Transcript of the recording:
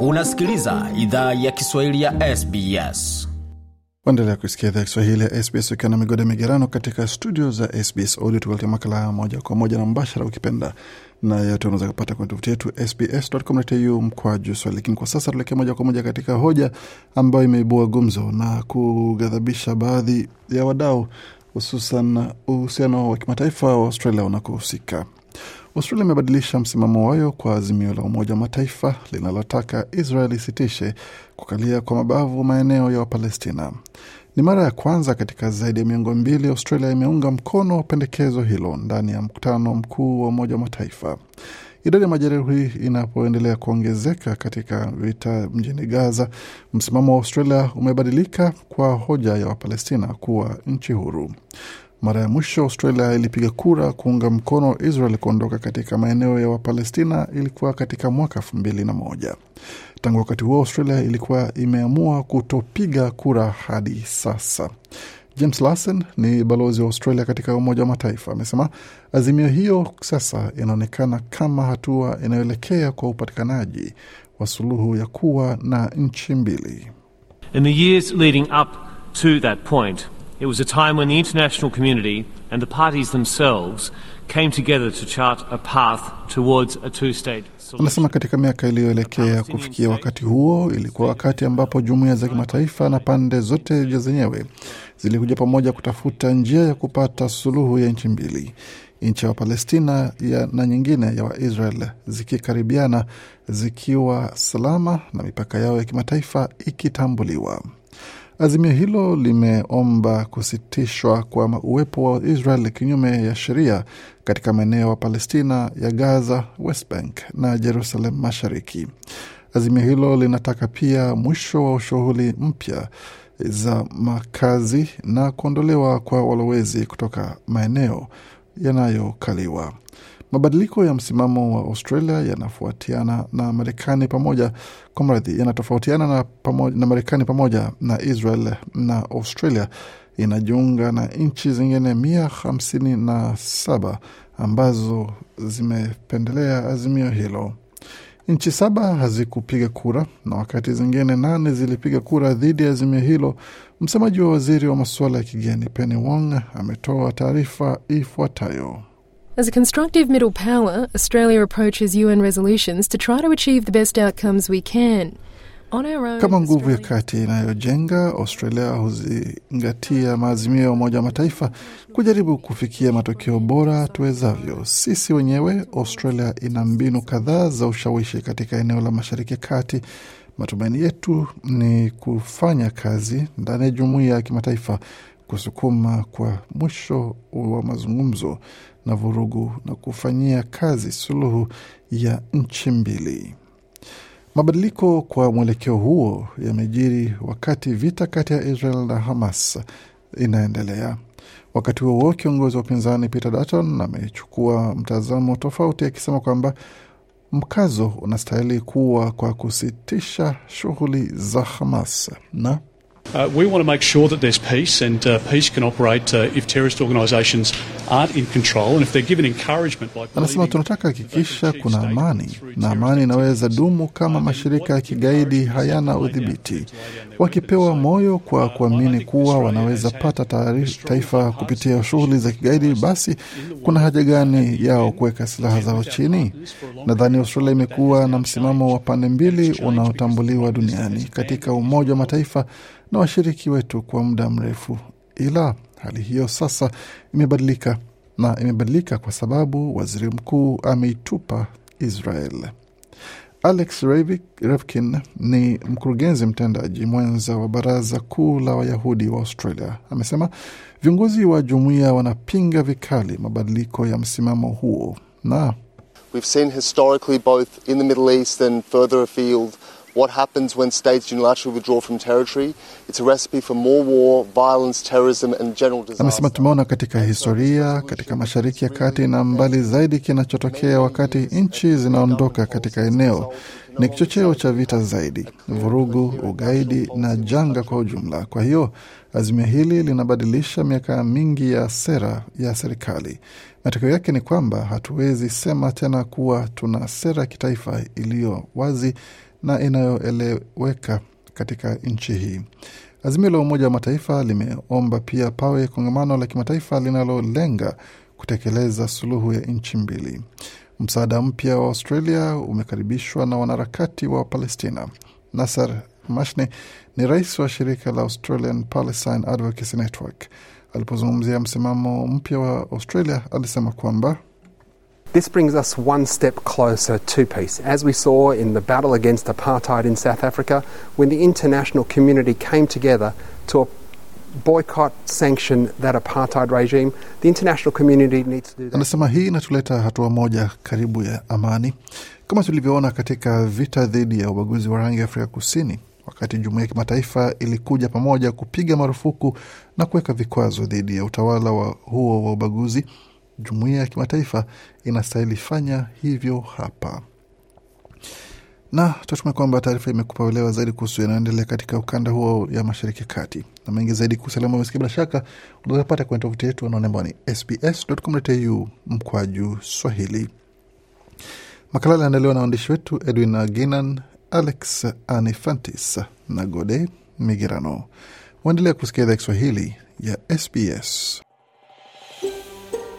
Unasikiliza idhaa ya Kiswahili ya SBS. Waendelea kusikia idhaa ya Kiswahili ya SBS ukiwa na migode migerano katika studio za SBS Audio, tukuletea makala moja kwa moja na mbashara ukipenda, na yote unaweza kupata kwenye tovuti yetu mkwa mkwaju swali. Lakini kwa sasa tuelekee moja kwa moja katika hoja ambayo imeibua gumzo na kughadhabisha baadhi ya wadau, hususan uhusiano wa kimataifa wa Australia unakohusika. Australia imebadilisha msimamo wayo kwa azimio la Umoja wa Mataifa linalotaka Israel isitishe kukalia kwa mabavu maeneo ya Wapalestina. Ni mara ya kwanza katika zaidi ya miongo mbili Australia imeunga mkono pendekezo hilo ndani ya mkutano mkuu wa Umoja wa Mataifa. Idadi ya majeruhi inapoendelea kuongezeka katika vita mjini Gaza, msimamo wa Australia umebadilika kwa hoja ya Wapalestina kuwa nchi huru. Mara ya mwisho Australia ilipiga kura kuunga mkono Israel kuondoka katika maeneo ya Wapalestina ilikuwa katika mwaka elfu mbili na moja. Tangu wakati huo Australia ilikuwa imeamua kutopiga kura hadi sasa. James Lassen ni balozi wa Australia katika Umoja wa Mataifa amesema azimio hiyo sasa inaonekana kama hatua inayoelekea kwa upatikanaji wa suluhu ya kuwa na nchi mbili. In the years leading up to that point It was a time when the international community and the parties themselves came together to chart a path towards a two-state Anasema katika miaka iliyoelekea kufikia wakati huo, ilikuwa wakati ambapo jumuiya za kimataifa na pande zote zenyewe zilikuja pamoja kutafuta njia ya kupata suluhu ya nchi mbili, nchi ya Wapalestina na nyingine ya Waisrael zikikaribiana, zikiwa salama na mipaka yao ya kimataifa ikitambuliwa. Azimio hilo limeomba kusitishwa kwa uwepo wa Israel kinyume ya sheria katika maeneo ya Palestina ya Gaza, West Bank na Jerusalem Mashariki. Azimio hilo linataka pia mwisho wa shughuli mpya za makazi na kuondolewa kwa walowezi kutoka maeneo yanayokaliwa. Mabadiliko ya msimamo wa Australia yanafuatiana na Marekani pamoja kwa mradhi, yanatofautiana na, na Marekani pamoja na Israel na Australia inajiunga na nchi zingine mia hamsini na saba ambazo zimependelea azimio hilo. Nchi saba hazikupiga kura na wakati zingine nane zilipiga kura dhidi ya azimio hilo. Msemaji wa waziri wa masuala ya kigeni Penny Wong ametoa taarifa ifuatayo. As a constructive middle power, Australia approaches UN resolutions to try to achieve the best outcomes we can. Own, kama nguvu ya kati inayojenga, Australia huzingatia maazimio ya Umoja wa Mataifa kujaribu kufikia matokeo bora tuwezavyo sisi wenyewe. Australia ina mbinu kadhaa za ushawishi katika eneo la Mashariki ya Kati. Matumaini yetu ni kufanya kazi ndani ya jumuiya ya kimataifa kusukuma kwa mwisho wa mazungumzo na vurugu na kufanyia kazi suluhu ya nchi mbili. Mabadiliko kwa mwelekeo huo yamejiri wakati vita kati ya Israel na Hamas inaendelea. Wakati huo kiongozi wa upinzani Peter Dutton amechukua mtazamo tofauti akisema kwamba mkazo unastahili kuwa kwa kusitisha shughuli za Hamas na Uh, we want to make sure that there's peace and uh, peace can operate uh, if terrorist organisations Anasema tunataka hakikisha kuna amani, na amani inaweza dumu kama mashirika ya kigaidi hayana udhibiti, wakipewa moyo kwa kuamini kuwa wanaweza pata taifa kupitia shughuli za kigaidi, basi kuna haja gani yao kuweka silaha zao chini? Nadhani Australia imekuwa na msimamo wa pande mbili unaotambuliwa duniani katika Umoja wa Mataifa na washiriki wetu kwa muda mrefu, ila Hali hiyo sasa imebadilika na imebadilika kwa sababu waziri mkuu ameitupa Israel. Alex Revkin ni mkurugenzi mtendaji mwenza wa baraza kuu la Wayahudi wa Australia. Amesema viongozi wa jumuiya wanapinga vikali mabadiliko ya msimamo huo na We've seen historically both in the Middle East and further afield what happens when states unilaterally withdraw from territory. It's a recipe for more war, violence, terrorism and general disaster. Amesema tumeona katika historia, katika Mashariki ya Kati na mbali zaidi kinachotokea wakati nchi zinaondoka katika eneo ni kichocheo cha vita zaidi, vurugu, ugaidi na janga kwa ujumla. Kwa hiyo azimio hili linabadilisha miaka mingi ya sera ya serikali. Matokeo yake ni kwamba hatuwezi sema tena kuwa tuna sera ya kitaifa iliyo wazi na inayoeleweka katika nchi hii. Azimio la Umoja wa Mataifa limeomba pia pawe kongamano la kimataifa linalolenga kutekeleza suluhu ya nchi mbili. Msaada mpya wa Australia umekaribishwa na wanaharakati wa Palestina. Nasser Mashni ni rais wa shirika la Australian Palestine Advocacy Network. Alipozungumzia msimamo mpya wa Australia, alisema kwamba This brings us one step closer to peace, as we saw in the battle against apartheid in South Africa, when the international community came together to boycott, sanction that apartheid regime. The international community needs to do that. Anasema hii inatuleta hatua moja karibu ya amani, kama tulivyoona katika vita dhidi ya ubaguzi wa rangi Afrika Kusini, wakati jumuiya ya kimataifa ilikuja pamoja kupiga marufuku na kuweka vikwazo dhidi ya utawala wa huo wa ubaguzi jumuiya ya kimataifa inastahili fanya hivyo hapa na tunatumai kwamba taarifa imekupa uelewa zaidi kuhusu yanayoendelea katika ukanda huo ya mashariki kati na mengi zaidi kuhusu umesikia bila shaka unazapata kwenye tovuti yetu anaonembao ambao ni sbs.com.au mkwaju swahili makala aliandaliwa na waandishi wetu edwin aginan alex anifantis na gode migerano waendelea kusikia idhaa kiswahili ya sbs